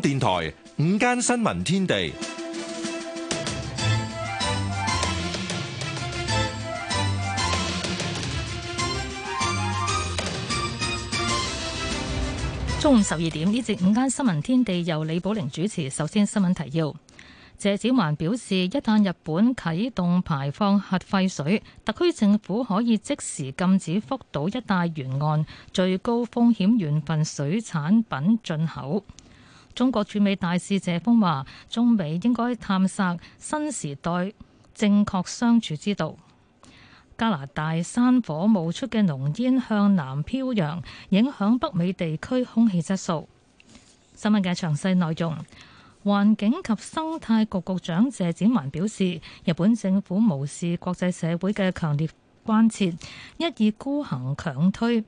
電台午間新聞天地，中午十二點，呢節午間新聞天地由李寶玲主持。首先新聞提要，謝展寰表示，一旦日本啟動排放核廢水，特區政府可以即時禁止福島一帶沿岸最高風險縣份水產品進口。中國駐美大使謝鋒話：中美應該探索新時代正確相處之道。加拿大山火冒出嘅濃煙向南飄揚，影響北美地區空氣質素。新聞嘅詳細內容，環境及生態局局長謝展寰表示，日本政府無視國際社會嘅強烈關切，一意孤行強推，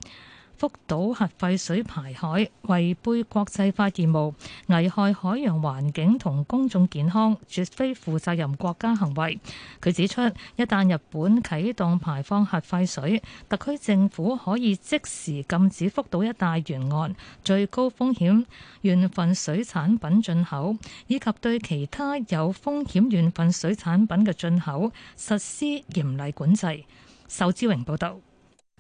福島核廢水排海違背國際法義務危害海洋環境同公眾健康，絕非負責任國家行為，佢指出，一旦日本啟動排放核廢水，特區政府可以即時禁止福島一帶沿岸最高風險原份水產品進口，以及對其他有風險原份水產品嘅進口實施嚴厲管制。仇志榮報道。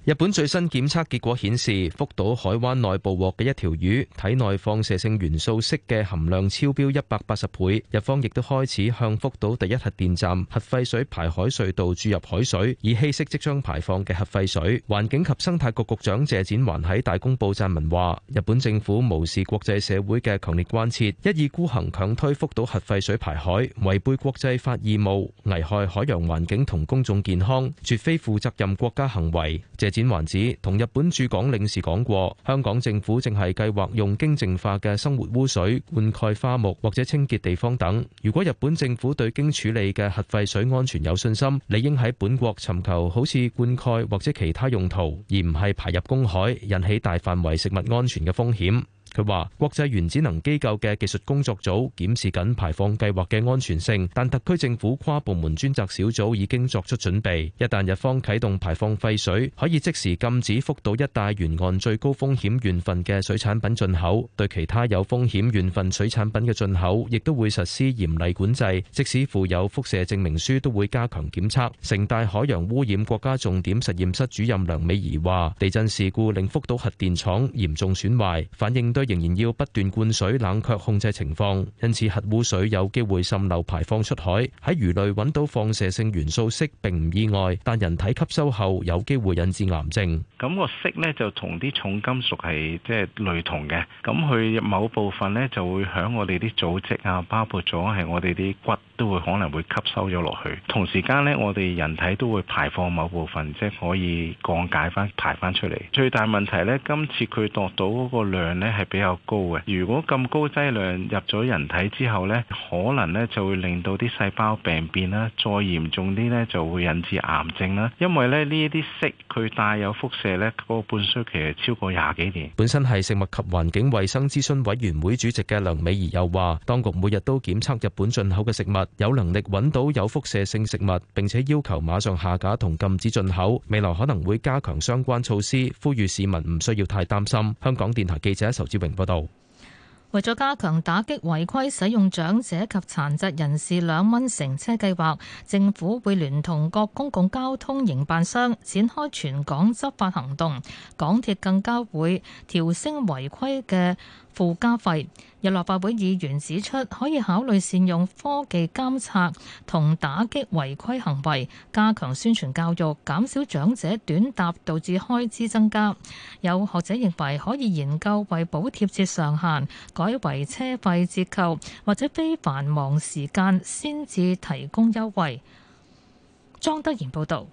日本最新檢測結果顯示，福島海灣內捕獲嘅一條魚體內放射性元素銫嘅含量超標一百八十倍。日方亦都開始向福島第一核電站核廢水排海隧道注入海水，以稀釋即將排放嘅核廢水。環境及生態局局長謝展寰喺大公報撰文話：日本政府無視國際社會嘅強烈關切，一意孤行強推福島核廢水排海，違背國際法義務，危害海洋環境同公眾健康，絕非負責任國家行為。謝展寰指同日本駐港領事講過，香港政府正係計劃用經淨化嘅生活污水灌溉花木或者清潔地方等。如果日本政府對經處理嘅核廢水安全有信心，理應喺本國尋求好似灌溉或者其他用途，而唔係排入公海，引起大範圍食物安全嘅風險。佢話：國際原子能機構嘅技術工作組檢視緊排放計劃嘅安全性，但特區政府跨部門專責小組已經作出準備，一旦日方啟動排放廢水，可以即時禁止福島一帶沿岸最高風險縣份嘅水產品進口；對其他有風險縣份水產品嘅進口，亦都會實施嚴厲管制，即使附有輻射證明書，都會加強檢測。城大海洋污染國家重點實驗室主任梁美儀話：地震事故令福島核電廠嚴重損壞，反應。仍然要不斷灌水冷卻控制情況，因此核污水有機會滲漏排放出海，喺魚類揾到放射性元素銫並唔意外，但人體吸收後有機會引致癌症。咁個銫呢就同啲重金屬係即係類同嘅，咁佢某部分呢就會響我哋啲組織啊，包括咗係我哋啲骨都會可能會吸收咗落去。同時間呢，我哋人體都會排放某部分，即係可以降解翻排翻出嚟。最大問題呢，今次佢度到嗰個量呢係比較高嘅，如果咁高劑量入咗人體之後咧，可能咧就會令到啲細胞病變啦，再嚴重啲咧就會引致癌症啦。因為咧呢一啲銫佢帶有輻射咧，嗰個半衰期係超過廿幾年。本身係食物及環境衞生諮詢委員會主席嘅梁美儀又話，當局每日都檢測日本進口嘅食物，有能力揾到有輻射性食物，並且要求馬上下架同禁止進口。未來可能會加強相關措施，呼籲市民唔需要太擔心。香港電台記者仇志。明報道，為咗加強打擊違規使用長者及殘疾人士兩蚊乘車計劃，政府會聯同各公共交通營辦商展開全港執法行動。港鐵更加會調升違規嘅附加費。有立法會議員指出，可以考慮善用科技監察同打擊違規行為，加強宣傳教育，減少長者短搭導致開支增加。有學者認為可以研究為補貼設上限，改為車費折扣，或者非繁忙時間先至提供優惠。莊德賢報導。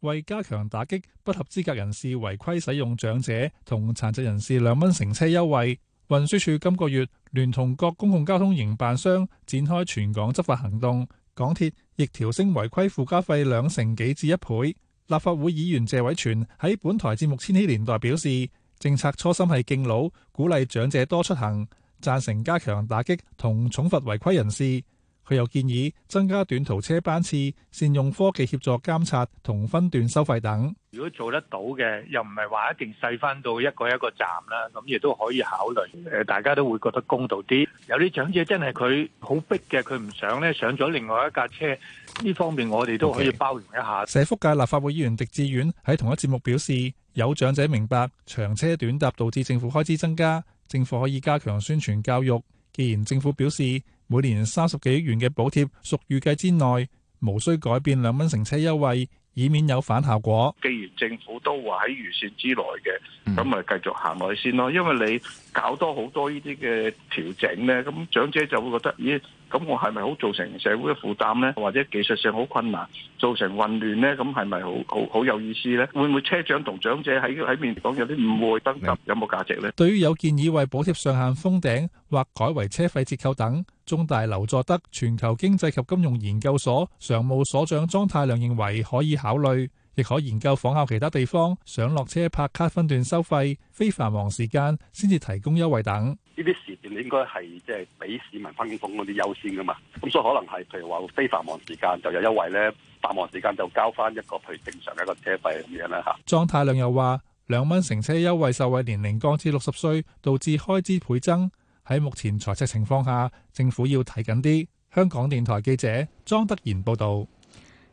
為加強打擊不合資格人士違規使用長者同殘疾人士兩蚊乘車優惠。運輸署今個月聯同各公共交通營辦商展開全港執法行動，港鐵亦調升違規附加費兩成幾至一倍。立法會議員謝偉全喺本台節目《千禧年代》表示，政策初心係敬老，鼓勵長者多出行，贊成加強打擊同重罰違規人士。佢又建議增加短途車班次，善用科技協助監察同分段收費等。如果做得到嘅，又唔係話一定細返到一個一個站啦，咁亦都可以考慮。誒，大家都會覺得公道啲。有啲長者真係佢好逼嘅，佢唔想咧上咗另外一架車。呢方面我哋都可以包容一下。Okay. 社福界立法會議員狄志遠喺同一節目表示，有長者明白長車短搭導致政府開支增加，政府可以加強宣傳教育。既然政府表示每年三十幾億元嘅補貼屬預計之內，無需改變兩蚊乘車優惠，以免有反效果。既然政府都話喺預算之內嘅，咁咪繼續行落去先咯。因為你搞多好多呢啲嘅調整咧，咁長者就會覺得咦？咁我係咪好造成社會嘅負擔呢？或者技術上好困難，造成混亂呢？咁係咪好好好有意思呢？會唔會車長同長者喺喺面講有啲誤會登臨有冇價值呢？對於有建議為補貼上限封頂或改為車費折扣等，中大劉佐德全球經濟及金融研究所常務所長莊太量認為可以考慮。亦可研究仿效其他地方，上落車拍卡分段收費，非繁忙時間先至提供優惠等。呢啲時段你應該係即係俾市民返工嗰啲優先噶嘛，咁所以可能係譬如話非繁忙時間就有優惠咧，繁忙時間就交翻一個去正常一個車費咁樣啦。吓，莊太量又話兩蚊乘車優惠受惠年齡降至六十歲導致開支倍增。喺目前財赤情況下，政府要睇緊啲。香港電台記者莊德賢報道。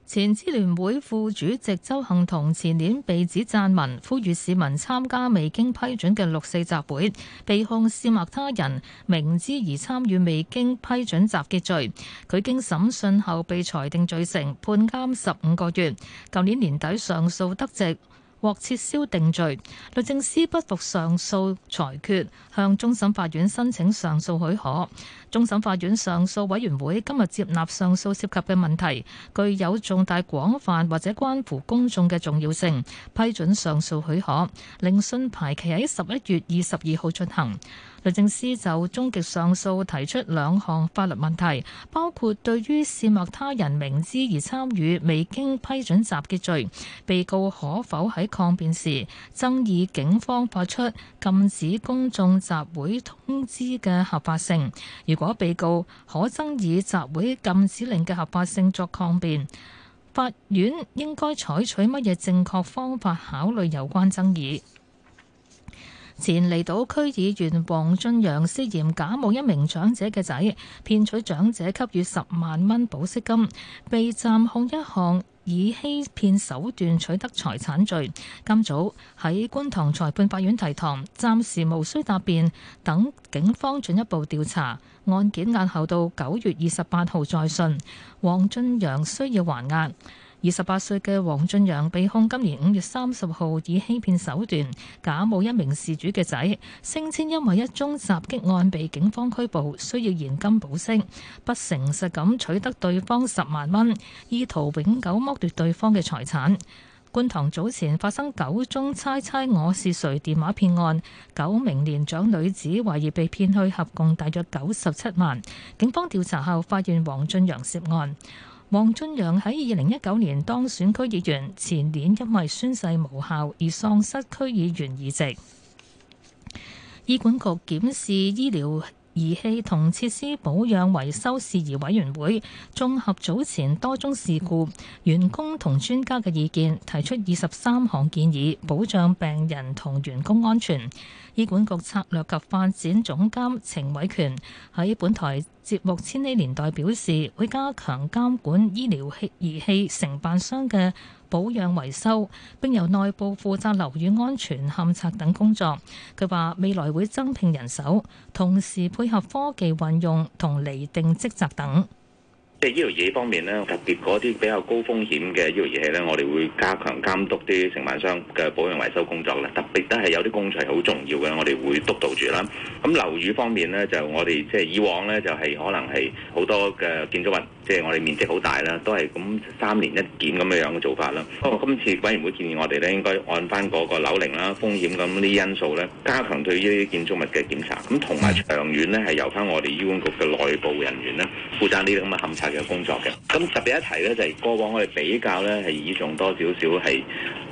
前支聯會副主席周幸彤前年被指撰文，呼籲市民參加未經批准嘅六四集會，被控煽惑他人明知而參與未經批准集結罪。佢經審訊後被裁定罪成，判監十五個月。舊年年底上訴得直。獲撤銷定罪，律政司不服上訴裁決，向終審法院申請上訴許可。終審法院上訴委員會今日接納上訴涉及嘅問題，具有重大廣泛或者關乎公眾嘅重要性，批准上訴許可，聆訊排期喺十一月二十二號進行。律政司就終極上訴提出兩項法律問題，包括對於煽惑他人明知而參與未經批准集結罪，被告可否喺抗辯時爭議警方發出禁止公眾集會通知嘅合法性？如果被告可爭議集會禁止令嘅合法性作抗辯，法院應該採取乜嘢正確方法考慮有關爭議？前離島區議員黃俊陽涉嫌假冒一名長者嘅仔，騙取長者給予十萬蚊保釋金，被暫控一項以欺騙手段取得財產罪。今早喺觀塘裁判法院提堂，暫時無需答辯，等警方進一步調查，案件押後到九月二十八號再訊。黃俊陽需要還押。二十八歲嘅黃俊陽被控今年五月三十號以欺騙手段假冒一名事主嘅仔，聲稱因為一宗襲擊案被警方拘捕，需要現金保釋，不誠實咁取得對方十萬蚊，意圖永久剝奪對方嘅財產。觀塘早前發生九宗猜猜我是誰電話騙案，九名年長女子懷疑被騙去合共大約九十七萬，警方調查後發現黃俊陽涉案。黃俊陽喺二零一九年當選區議員，前年因為宣誓無效而喪失區議員議席。醫管局檢視醫療。儀器同設施保養維修事宜委員會綜合早前多宗事故、員工同專家嘅意見，提出二十三項建議，保障病人同員工安全。醫管局策略及發展總監程偉權喺本台節目《千禧年代》表示，會加強監管醫療器儀器承辦商嘅保養維修，並由內部負責樓宇安全、勘測等工作。佢話未來會增聘人手，同時配合科技運用同釐定職責等。即係醫療儀器方面咧，特別嗰啲比較高風險嘅醫療儀器，咧，我哋會加強監督啲承辦商嘅保養維修工作啦。特別都係有啲工序好重要嘅，我哋會督導住啦。咁樓宇方面咧，就我哋即係以往咧，就係可能係好多嘅建築物，即係我哋面積好大啦，都係咁三年一檢咁嘅樣嘅做法啦。不過今次委員會建議我哋咧，應該按翻嗰個樓齡啦、風險咁啲因素咧，加強對於建築物嘅檢查。咁同埋長遠咧，係由翻我哋醫管局嘅內部人員咧，負責呢啲咁嘅勘察嘅工作嘅，咁特別一提咧，就係過往我哋比較咧，係倚重多少少係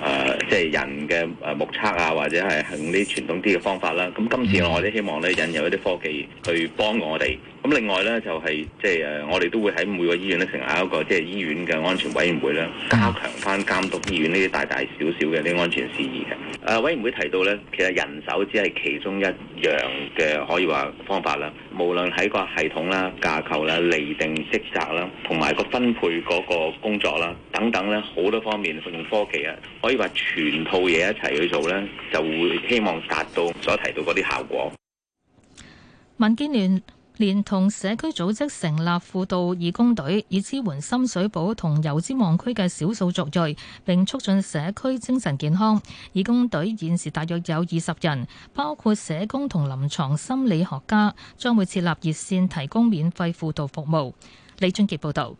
誒，即係人嘅誒目測啊，或者係用啲傳統啲嘅方法啦。咁今次我哋希望咧，引入一啲科技去幫我哋。咁另外咧、就是，就係即係誒，我哋都會喺每個醫院咧成立一個即係、就是、醫院嘅安全委員會咧，加強翻監督醫院呢啲大大小小嘅啲安全事宜嘅。誒委員會提到咧，其實人手只係其中一樣嘅可以話方法啦。無論喺個系統啦、架構啦、釐定職責啦，同埋個分配嗰個工作啦，等等咧好多方面，用科技啊，可以話全套嘢一齊去做咧，就會希望達到所提到嗰啲效果。民建聯。連同社區組織成立輔導義工隊，以支援深水埗同油尖旺區嘅少數族裔，並促進社區精神健康。義工隊現時大約有二十人，包括社工同臨床心理學家，將會設立熱線提供免費輔導服務。李俊傑報導。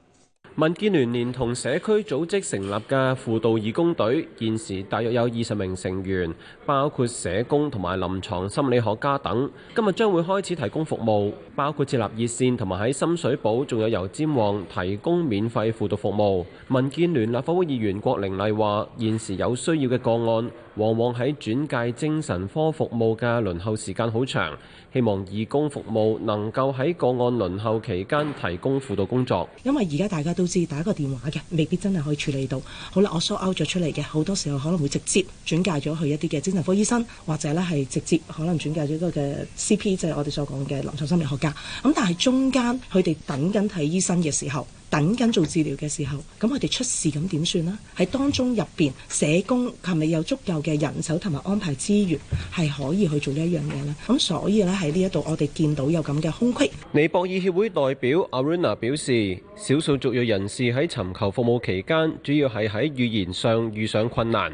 民建聯連同社區組織成立嘅輔導義工隊，現時大約有二十名成員，包括社工同埋臨床心理學家等。今日將會開始提供服務，包括設立熱綫同埋喺深水埗仲有油尖旺提供免費輔導服務。民建聯立法會議員郭玲麗話，現時有需要嘅個案，往往喺轉介精神科服務嘅輪候時間好長，希望義工服務能夠喺個案輪候期間提供輔導工作。因為而家大家都。都只打一個電話嘅，未必真係可以處理到。好啦，我 sort out 咗出嚟嘅，好多時候可能會直接轉介咗去一啲嘅精神科醫生，或者呢係直接可能轉介咗一個嘅 CP，即係我哋所講嘅臨床心理學家。咁但係中間佢哋等緊睇醫生嘅時候，等緊做治療嘅時候，咁我哋出事咁點算啦？喺當中入邊，社工係咪有足夠嘅人手同埋安排資源，係可以去做呢一樣嘢啦。咁所以咧喺呢一度，我哋見到有咁嘅空隙。尼博爾協會代表阿瑞娜表示，少數族裔人士喺尋求服務期間，主要係喺語言上遇上困難。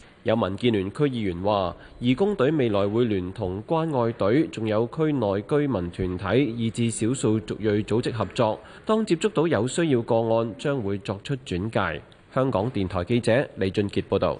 有民建聯區議員話：義工隊未來會聯同關愛隊，仲有區內居民團體、以至少數族裔組織合作。當接觸到有需要個案，將會作出轉介。香港電台記者李俊傑報道。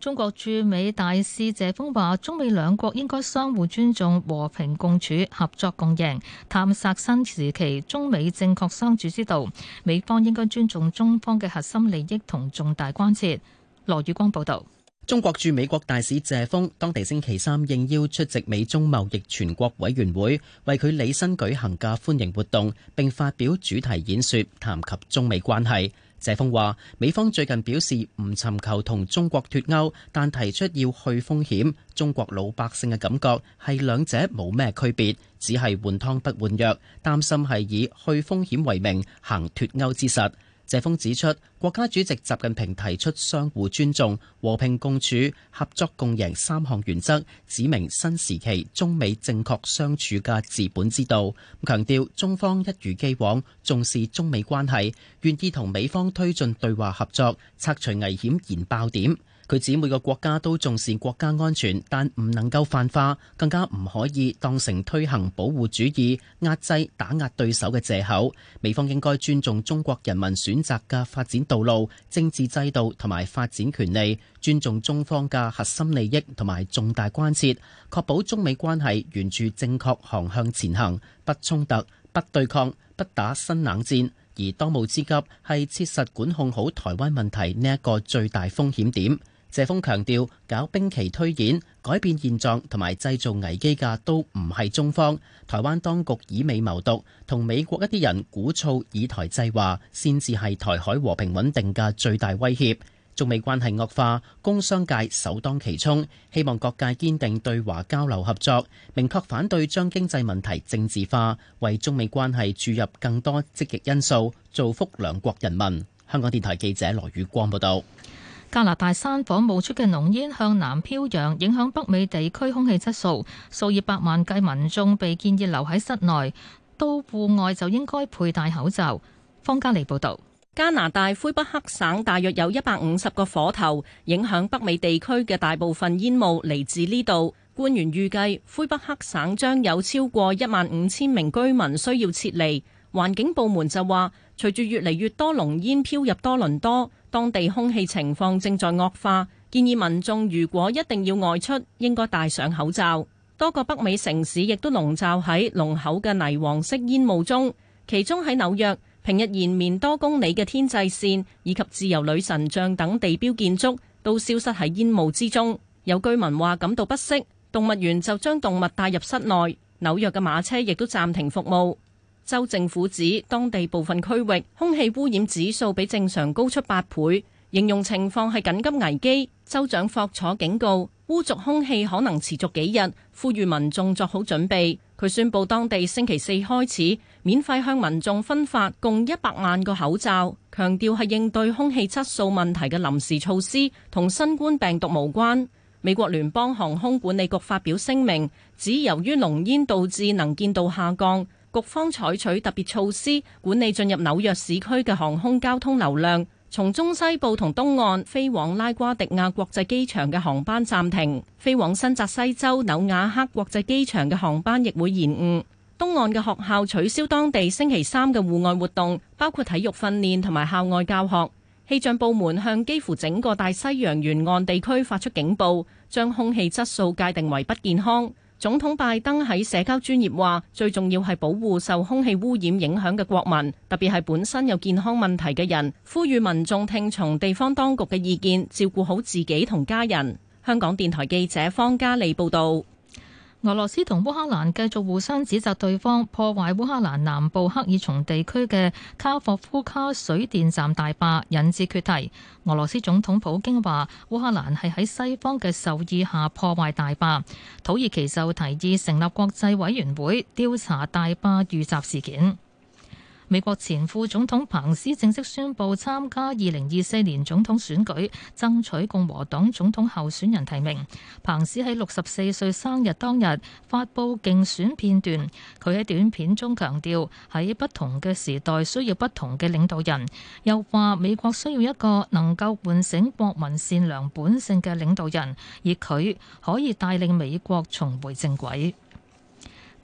中國駐美大使謝鋒話：中美兩國應該相互尊重、和平共處、合作共贏，探索新時期中美正確相處之道。美方應該尊重中方嘅核心利益同重大關切。羅宇光報道，中國駐美國大使謝鋒，當地星期三應邀出席美中貿易全國委員會為佢履新舉行嘅歡迎活動，並發表主題演說，談及中美關係。謝鋒話，美方最近表示唔尋求同中國脱歐，但提出要去風險。中國老百姓嘅感覺係兩者冇咩區別，只係換湯不換藥，擔心係以去風險為名，行脱歐之實。謝鋒指出，國家主席習近平提出相互尊重、和平共處、合作共贏三項原則，指明新時期中美正確相處嘅治本之道。強調中方一如既往重視中美關係，願意同美方推進對話合作，拆除危險引爆點。佢指每個國家都重視國家安全，但唔能夠泛化，更加唔可以當成推行保護主義、壓制、打壓對手嘅藉口。美方應該尊重中國人民選擇嘅發展道路、政治制度同埋發展權利，尊重中方嘅核心利益同埋重大關切，確保中美關係沿住正確航向前行，不衝突、不對抗、不打新冷戰。而當務之急係切實管控好台灣問題呢一個最大風險點。謝鋒強調，搞兵棋推演、改變現狀同埋製造危機嘅都唔係中方，台灣當局以美謀獨同美國一啲人鼓噪以台制華，先至係台海和平穩定嘅最大威脅。中美關係惡化，工商界首當其衝，希望各界堅定對華交流合作，明確反對將經濟問題政治化，為中美關係注入更多積極因素，造福兩國人民。香港電台記者羅宇光報道。加拿大山火冒出嘅濃煙向南飄揚，影響北美地區空氣質素，數以百萬計民眾被建議留喺室內，到戶外就應該佩戴口罩。方嘉莉報道。加拿大魁北克省大約有一百五十個火頭，影響北美地區嘅大部分煙霧嚟自呢度。官員預計魁北克省將有超過一萬五千名居民需要撤離。環境部門就話，隨住越嚟越多濃煙飄入多倫多。當地空氣情況正在惡化，建議民眾如果一定要外出，應該戴上口罩。多個北美城市亦都籠罩喺濃厚嘅泥黃色煙霧中，其中喺紐約，平日延綿多公里嘅天際線以及自由女神像等地標建築都消失喺煙霧之中。有居民話感到不適，動物園就將動物帶入室內。紐約嘅馬車亦都暫停服務。州政府指，當地部分區域空氣污染指數比正常高出八倍，形容情況係緊急危機。州長霍楚警告，污濁空氣可能持續幾日，呼籲民眾作好準備。佢宣佈，當地星期四開始免費向民眾分發共一百萬個口罩，強調係應對空氣質素問題嘅臨時措施，同新冠病毒無關。美國聯邦航空管理局發表聲明，指由於濃煙導致能見度下降。局方採取特別措施管理進入紐約市區嘅航空交通流量，從中西部同東岸飛往拉瓜迪亞國際機場嘅航班暫停，飛往新澤西州紐瓦克國際機場嘅航班亦會延誤。東岸嘅學校取消當地星期三嘅戶外活動，包括體育訓練同埋校外教學。氣象部門向幾乎整個大西洋沿岸地區發出警報，將空氣質素界定為不健康。總統拜登喺社交專頁話，最重要係保護受空氣污染影響嘅國民，特別係本身有健康問題嘅人，呼籲民眾聽從地方當局嘅意見，照顧好自己同家人。香港電台記者方嘉利報道。俄羅斯同烏克蘭繼續互相指責對方破壞烏克蘭南部克爾松地區嘅卡霍夫卡水電站大壩，引致決堤。俄羅斯總統普京話：烏克蘭係喺西方嘅授意下破壞大壩。土耳其就提議成立國際委員會調查大壩遇襲事件。美國前副總統彭斯正式宣布參加二零二四年總統選舉，爭取共和黨總統候選人提名。彭斯喺六十四歲生日當日發佈競選片段，佢喺短片中強調喺不同嘅時代需要不同嘅領導人，又話美國需要一個能夠喚醒國民善良本性嘅領導人，而佢可以帶領美國重回正軌。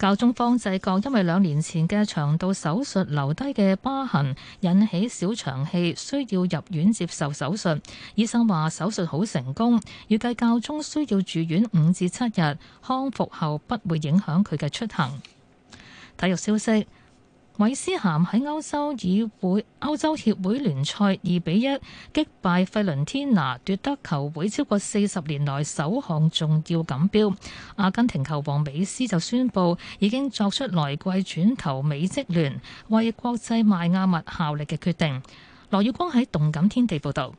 教宗方濟各因為兩年前嘅腸道手術留低嘅疤痕，引起小腸氣，需要入院接受手術。醫生話手術好成功，預計教宗需要住院五至七日，康復後不會影響佢嘅出行。體育消息。韋斯咸喺歐洲議會歐洲協會聯賽二比一擊敗費倫天拿，奪得球會超過四十年來首項重要錦標。阿根廷球王美斯就宣布已經作出來季轉投美職聯，為國際邁亞密效力嘅決定。羅耀光喺動感天地報道。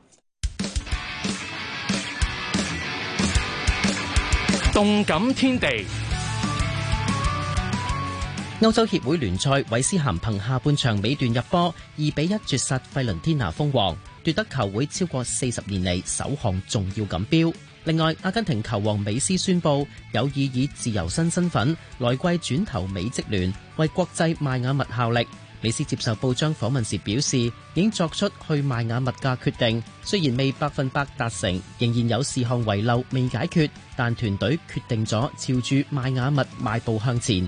動感天地。報歐洲協會聯賽，韋斯咸憑下半場尾段入波，二比一絕殺費倫天拿封王，奪得球會超過四十年嚟首項重要錦標。另外，阿根廷球王美斯宣布有意以以自由身身份來季轉投美職聯，為國際邁雅物效力。美斯接受報章訪問時表示，已經作出去邁雅物嘅決定，雖然未百分百達成，仍然有事項遺漏未解決，但團隊決定咗朝住邁雅物邁步向前。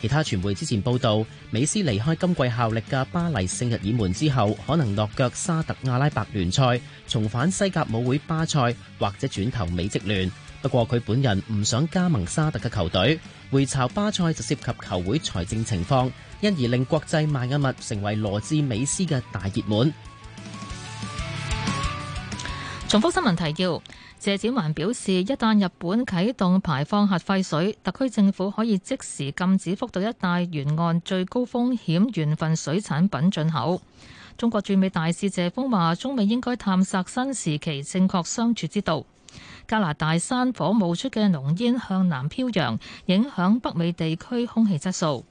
其他傳媒之前報道，美斯離開今季效力嘅巴黎聖日耳門之後，可能落腳沙特阿拉伯聯賽，重返西甲舞會巴塞，或者轉投美職聯。不過佢本人唔想加盟沙特嘅球隊，回巢巴塞就涉及球會財政情況，因而令國際邁阿密成為羅致美斯嘅大熱門。重複新聞提要。謝展寰表示，一旦日本啟動排放核廢水，特區政府可以即時禁止福島一帶沿岸最高風險縣份水產品進口。中國駐美大使謝鋒話，中美應該探索新時期正確相處之道。加拿大山火冒出嘅濃煙向南飄揚，影響北美地區空氣質素。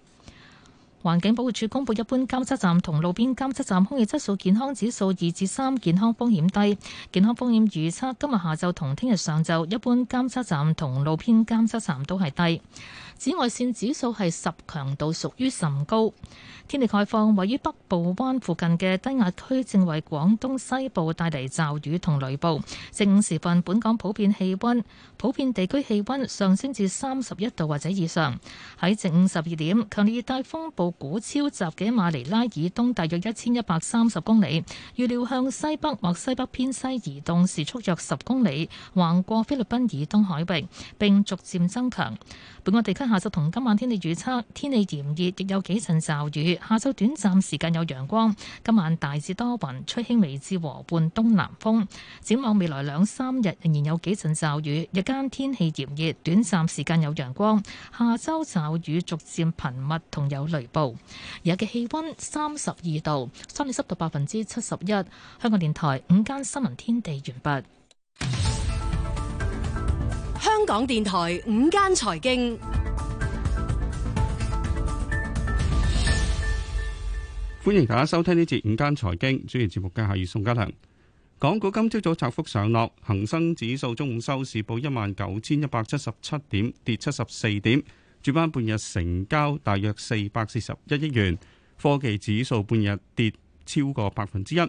環境保護署公布一般監測站同路邊監測站空氣質素健康指數二至三，健康風險低。健康風險預測今日下晝同聽日上晝一般監測站同路邊監測站都係低。紫外線指數係十，強度屬於甚高。天氣概況：位於北部灣附近嘅低壓區正為廣東西部帶嚟驟雨同雷暴。正午時分，本港普遍氣温，普遍地區氣温上升至三十一度或者以上。喺正午十二點，強烈熱帶風暴古超集嘅馬尼拉以東大約一千一百三十公里，預料向西北或西北偏西移動，時速約十公里，橫過菲律賓以東海域並逐漸增強。本港地區下晝同今晚天氣預測，天氣炎熱，亦有幾陣驟雨。下晝短暫時間有陽光，今晚大致多雲，吹輕微至和半東南風。展望未來兩三日仍然有幾陣驟雨，日間天氣炎熱，短暫時間有陽光。下周驟雨逐漸頻密，同有雷暴。而家嘅氣溫三十二度，相對濕度百分之七十一。香港電台午間新聞天地完畢。香港電台午間財經，歡迎大家收聽呢節午間財經。主持節目嘅係宋家良。港股今朝早窄幅上落，恒生指數中午收市報一萬九千一百七十七點，跌七十四點。主板半日成交大約四百四十一億元。科技指數半日跌超過百分之一。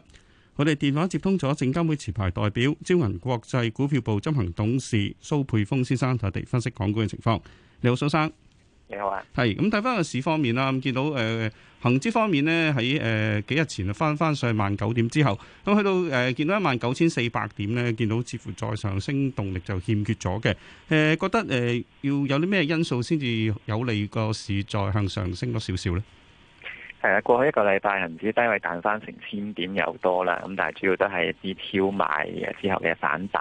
我哋電話接通咗證監會持牌代表招銀國際股票部執行董事蘇佩峰先生，同我哋分析港股嘅情況。你好，蘇生。你好啊。係咁睇翻個市方面啦，咁見到誒恆指方面呢，喺誒、呃、幾日前翻翻上萬九點之後，咁去到誒、呃、見到一萬九千四百點呢，見到似乎再上升動力就欠缺咗嘅。誒、呃、覺得誒、呃、要有啲咩因素先至有利個市再向上升多少少呢？係啊，過去一個禮拜，唔止低位彈翻成千點又多啦。咁但係主要都係一啲超賣嘅之後嘅反彈。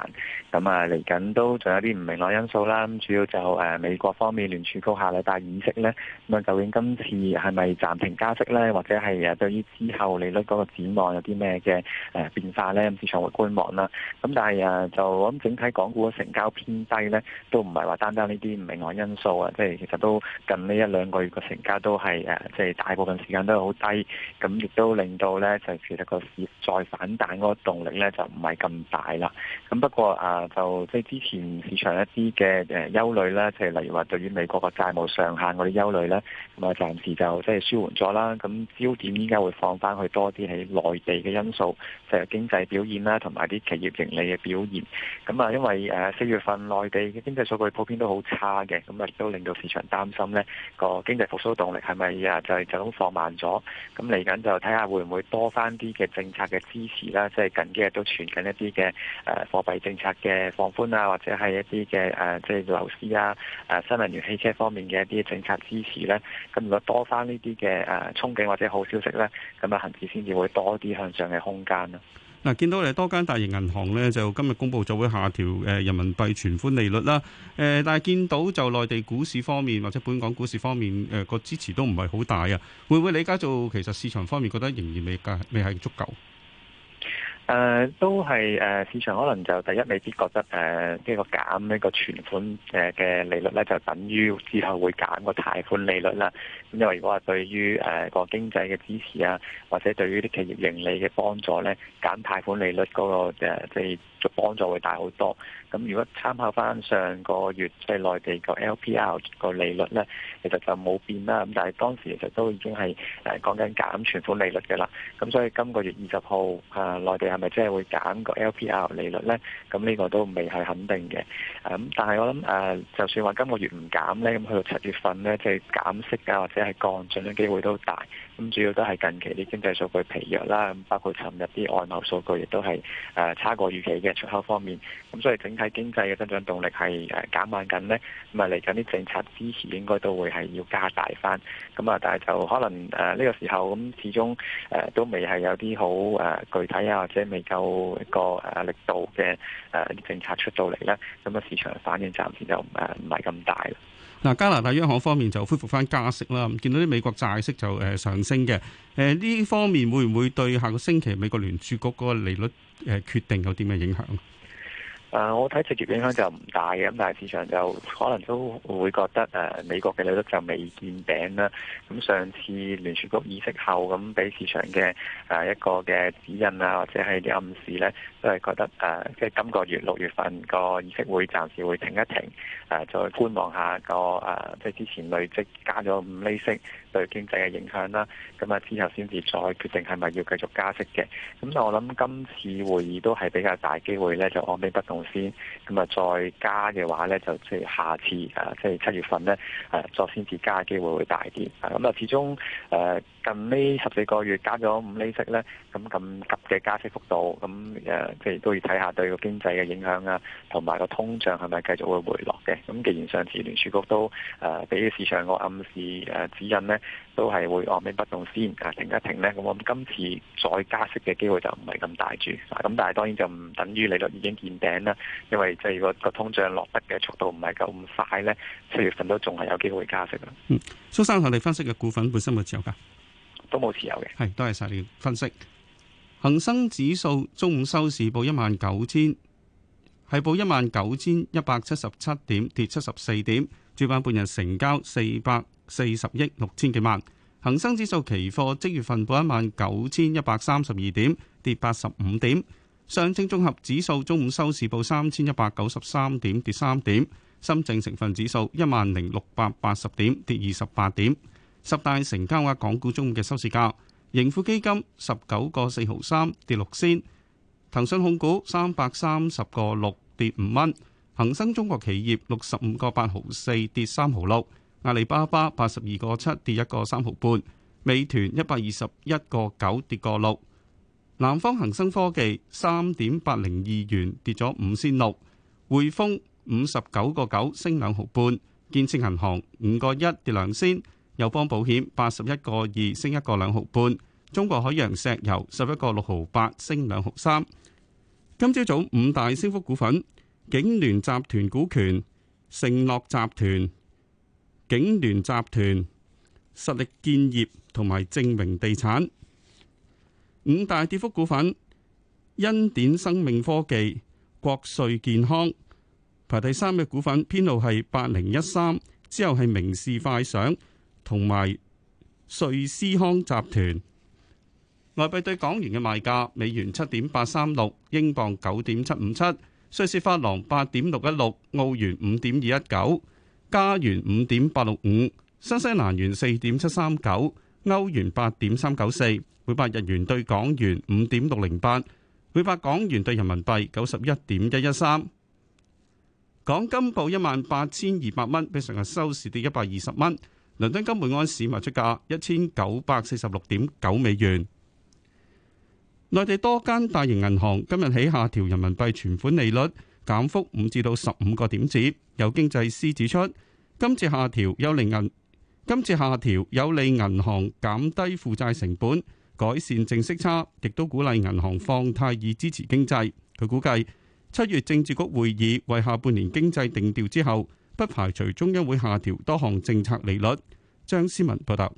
咁啊，嚟緊都仲有啲唔明朗因素啦。咁主要就誒、啊、美國方面聯儲高下啦，禮拜五息識咧，咁啊究竟今次係咪暫停加息咧，或者係誒對於之後利率嗰個展望有啲咩嘅誒變化咧？咁市場會觀望啦。咁但係、啊、誒就我諗整體港股嘅成交偏低咧，都唔係話單單呢啲唔明朗因素啊。即係其實都近呢一兩個月嘅成交都係誒，即、就、係、是、大部分時間都好低，咁亦都令到咧，就其實個市再反彈嗰個動力咧，就唔係咁大啦。咁不過啊，就即係之前市場一啲嘅誒憂慮啦，即係例如話對於美國個債務上限嗰啲憂慮咧，咁啊暫時就即係舒緩咗啦。咁焦點依家會放翻去多啲喺內地嘅因素，就係經濟表現啦，同埋啲企業盈利嘅表現。咁啊，因為誒四月份內地嘅經濟數據普遍都好差嘅，咁啊亦都令到市場擔心咧個經濟復甦動力係咪啊，就係就好放慢。咗，咁嚟緊就睇下會唔會多翻啲嘅政策嘅支持啦，即係近幾日都傳緊一啲嘅誒貨幣政策嘅放寬啊，或者係一啲嘅誒即係樓市啊、誒新能源汽車方面嘅一啲政策支持咧，咁如果多翻呢啲嘅誒憧憬或者好消息咧，咁嘅行市先至會多啲向上嘅空間咯。嗱，見到嚟多間大型銀行咧，就今日公布咗會下調誒人民幣存款利率啦。誒，但係見到就內地股市方面或者本港股市方面誒個支持都唔係好大啊。會唔會理解到其實市場方面覺得仍然未未係足夠？誒、呃、都係誒、呃、市場可能就第一未必覺得誒即係個減呢個存款誒嘅利率咧，就等於之後會減個貸款利率啦。因為如果話對於誒、呃，個經濟嘅支持啊，或者對於啲企業盈利嘅幫助咧，減貸款利率嗰、個誒即係。呃即係嘅幫助會大好多。咁如果參考翻上個月即係、就是、內地個 LPR 個利率呢，其實就冇變啦。咁但係當時其實都已經係誒講緊減存款利率嘅啦。咁所以今個月二十號啊，內地係咪真係會減個 LPR 利率呢？咁呢個都未係肯定嘅。咁、啊、但係我諗誒、啊，就算話今個月唔減呢，咁去到七月份呢，即、就、係、是、減息啊或者係降準嘅機會都大。咁主要都係近期啲經濟數據疲弱啦，咁包括尋日啲外貿數據亦都係誒差過預期嘅。出口方面，咁所以整體經濟嘅增長動力係誒減慢緊咧，咁啊嚟緊啲政策支持應該都會係要加大返，咁啊但係就可能誒呢個時候咁，始終誒都未係有啲好誒具體啊或者未夠一個誒力度嘅誒政策出到嚟咧，咁嘅市場反應暫時就誒唔係咁大。嗱，加拿大央行方面就恢復翻加息啦，見到啲美國債息就誒上升嘅，誒呢方面會唔會對下個星期美國聯儲局個利率誒決定有啲咩影響？啊，我睇直接影響就唔大嘅，咁但係市場就可能都會覺得誒美國嘅利率就未見頂啦。咁上次聯儲局議息後，咁俾市場嘅誒一個嘅指引啊，或者係啲暗示咧，都係覺得誒，即係今個月六月份個議息會暫時會停一停，誒再觀望下個誒，即係之前累積加咗五厘息。對經濟嘅影響啦，咁啊之後先至再決定係咪要繼續加息嘅。咁但我諗今次會議都係比較大機會咧，就按兵不動先。咁啊再加嘅話咧，就即係下次啊，即係七月份咧，啊再先至加機會會大啲。啊咁啊，始終誒近呢十四個月加咗五厘息咧，咁咁急嘅加息幅度，咁誒即係都要睇下對個經濟嘅影響啊，同埋個通脹係咪繼續會回落嘅。咁既然上次聯儲局都誒俾市場個暗示誒指引咧。都係會按兵不動先，停一停呢。咁我今次再加息嘅機會就唔係咁大住。咁但係當然就唔等於利率已經見頂啦，因為即係個通脹落得嘅速度唔係咁快呢。七月份都仲係有機會加息啦。嗯，蘇生，你分析嘅股份本身有冇持有噶？都冇持有嘅。係，多謝晒你分析。恒生指數中午收市報一萬九千，係報一萬九千一百七十七點，跌七十四點。主板半日成交四百。四十億六千幾萬，恒生指數期貨即月份報一萬九千一百三十二點，跌八十五點。上證綜合指數中午收市報三千一百九十三點，跌三點。深證成分指數一萬零六百八十點，跌二十八點。十大成交額港股中午嘅收市價，盈富基金十九個四毫三，跌六仙。騰訊控股三百三十個六，跌五蚊。恒生中國企業六十五個八毫四，跌三毫六。阿里巴巴八十二個七跌一個三毫半，美團一百二十一個九跌個六，南方恒生科技三點八零二元跌咗五仙六，匯豐五十九個九升兩毫半，建設銀行五個一跌兩仙，友邦保險八十一個二升一個兩毫半，中國海洋石油十一個六毫八升兩毫三。今朝早五大升幅股份：景聯集團股權、盛諾集團。景聯集團、實力建業同埋正榮地產。五大跌幅股份，恩典生命科技、國瑞健康，排第三嘅股份，編號係八零一三，之後係明視快想同埋瑞思康集團。外幣對港元嘅賣價，美元七點八三六，英鎊九點七五七，瑞士法郎八點六一六，澳元五點二一九。加元五點八六五，65，新西蘭元四點七三九，歐元八點三九四，每百日元兌港元五點六零八，每百港元兌人民幣九十一點一一三。港金報一萬八千二百蚊，比上日收市跌一百二十蚊。倫敦金每安士賣出價一千九百四十六點九美元。內地多間大型銀行今日起下調人民幣存款利率。減幅五至到十五個點子。有經濟師指出，今次下調有利銀今次下調有利銀行減低負債成本，改善淨息差，亦都鼓勵銀行放貸以支持經濟。佢估計七月政治局會議為下半年經濟定調之後，不排除中央會下調多項政策利率。張思文報道，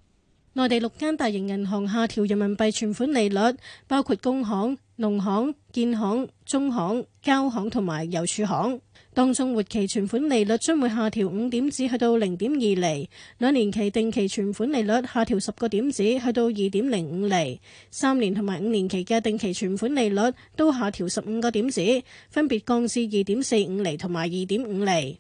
內地六間大型銀行下調人民幣存款利率，包括工行。農行、建行、中行、交行同埋郵儲行，當中活期存款利率將會下調五點子去到零點二厘；兩年期定期存款利率下調十個點子去到二點零五厘；三年同埋五年期嘅定期存款利率都下調十五個點子，分別降至二點四五厘同埋二點五厘。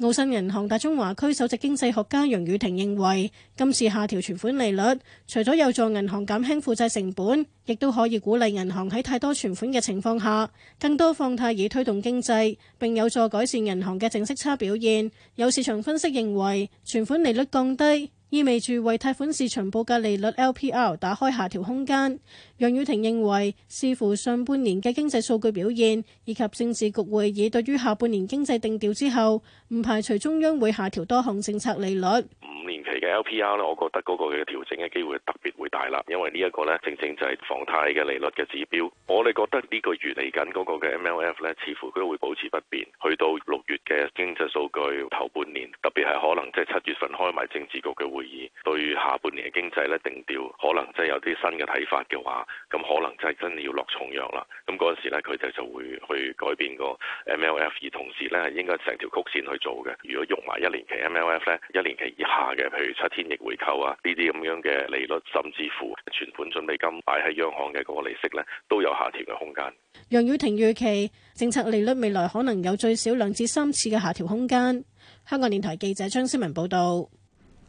澳新銀行大中華區首席經濟學家楊宇霆認為，今次下調存款利率，除咗有助銀行減輕負債成本，亦都可以鼓勵銀行喺太多存款嘅情況下，更多放貸以推動經濟，並有助改善銀行嘅淨息差表現。有市場分析認為，存款利率降低，意味住為貸款市場報價利率 LPR 打開下調空間。楊宇霆認為，視乎上半年嘅經濟數據表現以及政治局會議對於下半年經濟定調之後，唔排除中央會下調多項政策利率。五年期嘅 LPR 咧，我覺得嗰個嘅調整嘅機會特別會大啦，因為呢一個咧正正就係房貸嘅利率嘅指標。我哋覺得呢個月嚟緊嗰個嘅 MLF 咧，似乎都會保持不變。去到六月嘅經濟數據頭半年，特別係可能即係七月份開埋政治局嘅會議，對於下半年嘅經濟咧定調，可能即係有啲新嘅睇法嘅話。咁可能就係真要落重藥啦。咁嗰陣時呢，佢哋就會去改變個 M L F，而同時呢，應該成條曲線去做嘅。如果用埋一年期 M L F 呢，一年期以下嘅，譬如七天逆回購啊，呢啲咁樣嘅利率，甚至乎存款準備金擺喺央行嘅嗰個利息呢，都有下調嘅空間。楊宇霆預期政策利率未來可能有最少兩至三次嘅下調空間。香港電台記者張思文報道。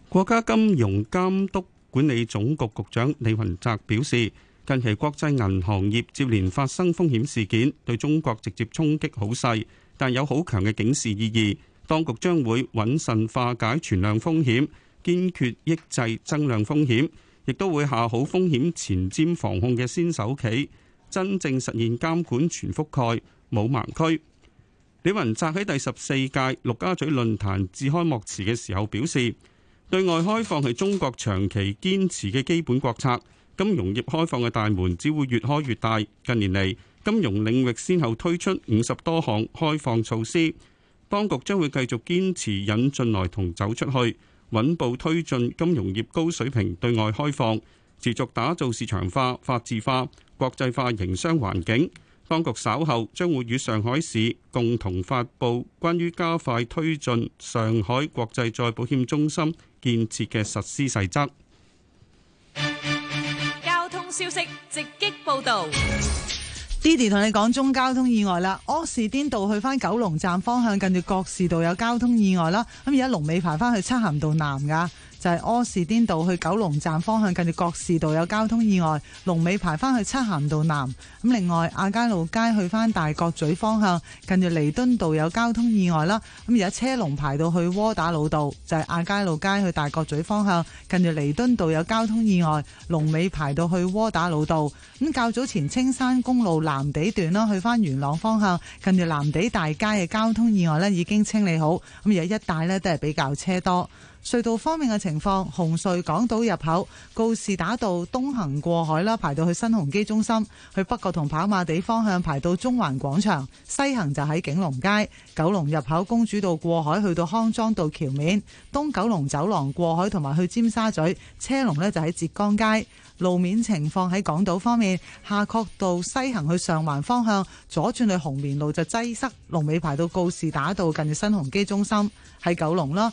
國家金融監督管理總局局，局長李雲澤表示。近期國際銀行業接連發生風險事件，對中國直接衝擊好細，但有好強嘅警示意義。當局將會穩慎化解存量風險，堅決抑制增量風險，亦都會下好風險前瞻防控嘅先手棋，真正實現監管全覆蓋，冇盲區。李雲澤喺第十四屆陸家嘴論壇致開幕詞嘅時候表示，對外開放係中國長期堅持嘅基本國策。金融業開放嘅大門只會越開越大。近年嚟，金融領域先後推出五十多項開放措施，當局將會繼續堅持引進來同走出去，穩步推進金融業高水平對外開放，持續打造市場化、法治化、國際化營商環境。當局稍後將會與上海市共同發布關於加快推進上海國際再保險中心建設嘅實施細則。消息直擊報道，Didi 同你講中交通意外啦，柯士甸道去返九龍站方向，近住國士道有交通意外啦，咁而家龍尾排返去漆咸道南㗎。就係柯士甸道去九龍站方向，近住國士道有交通意外，龍尾排翻去漆咸道南。咁另外，亞皆老街去翻大角咀方向，近住彌敦道有交通意外啦。咁而家車龍排到去窩打老道，就係、是、亞皆老街去大角咀方向，近住彌敦道有交通意外，龍尾排到去窩打老道。咁較早前青山公路南地段啦，去翻元朗方向，近住南地大街嘅交通意外呢，已經清理好。咁而家一帶呢，都係比較車多。隧道方面嘅情況，紅隧港島入口告士打道東行過海啦，排到去新鴻基中心；去北角同跑馬地方向排到中環廣場，西行就喺景隆街九龍入口公主道過海去到康莊道橋面，東九龍走廊過海同埋去尖沙咀車龍呢就喺浙江街路面情況，喺港島方面，夏慤道西行去上環方向左轉去紅棉路就擠塞，龍尾排到告士打道近住新鴻基中心，喺九龍啦。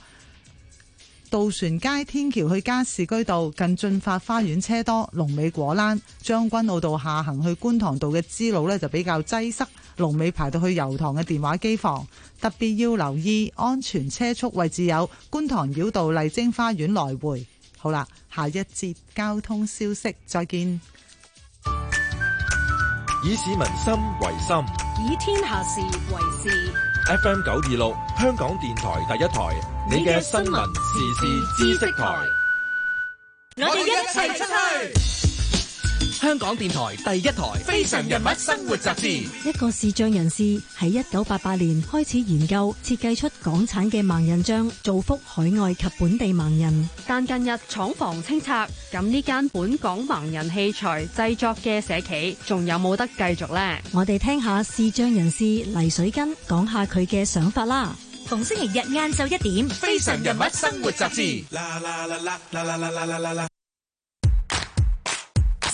渡船街天橋去加士居道近駿發花園車多，龍尾果欄將軍澳道下行去觀塘道嘅支路呢，就比較擠塞，龍尾排到去油塘嘅電話機房，特別要留意安全車速位置有觀塘繞道麗晶花園來回。好啦，下一節交通消息再見。以市民心為心，以天下事為事。FM 九二六，26，香港電台第一台，你嘅新聞時事知識台。我哋一齊出去。香港電台第一台《非常人物生活雜誌》，一個視障人士喺一九八八年開始研究設計出港產嘅盲人像，造福海外及本地盲人。但近日廠房清拆，咁呢間本港盲人器材製作嘅社企，仲有冇得繼續咧？我哋聽下視障人士黎水根講下佢嘅想法啦。逢星期日晏晝一點，《非常人物生活雜誌》啦。啦啦啦啦啦啦。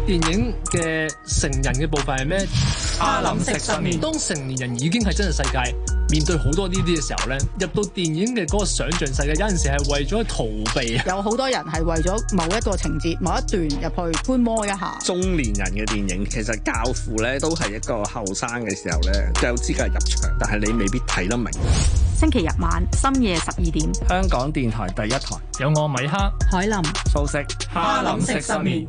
電影嘅成人嘅部分係咩？哈林食失眠。當成年人已經係真實世界面對好多呢啲嘅時候咧，入到電影嘅嗰個想象世界，有陣時係為咗逃避。有好多人係為咗某一個情節、某一段入去觀摩一下。中年人嘅電影其實教父咧，都係一個後生嘅時候咧，都有資格入場，但係你未必睇得明。星期日晚深夜十二點，香港電台第一台有我米克、海林、素食、哈林食失眠。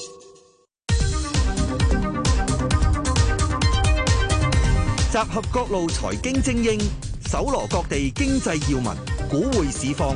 集合各路財經精英，搜羅各地經濟要聞，股匯市況。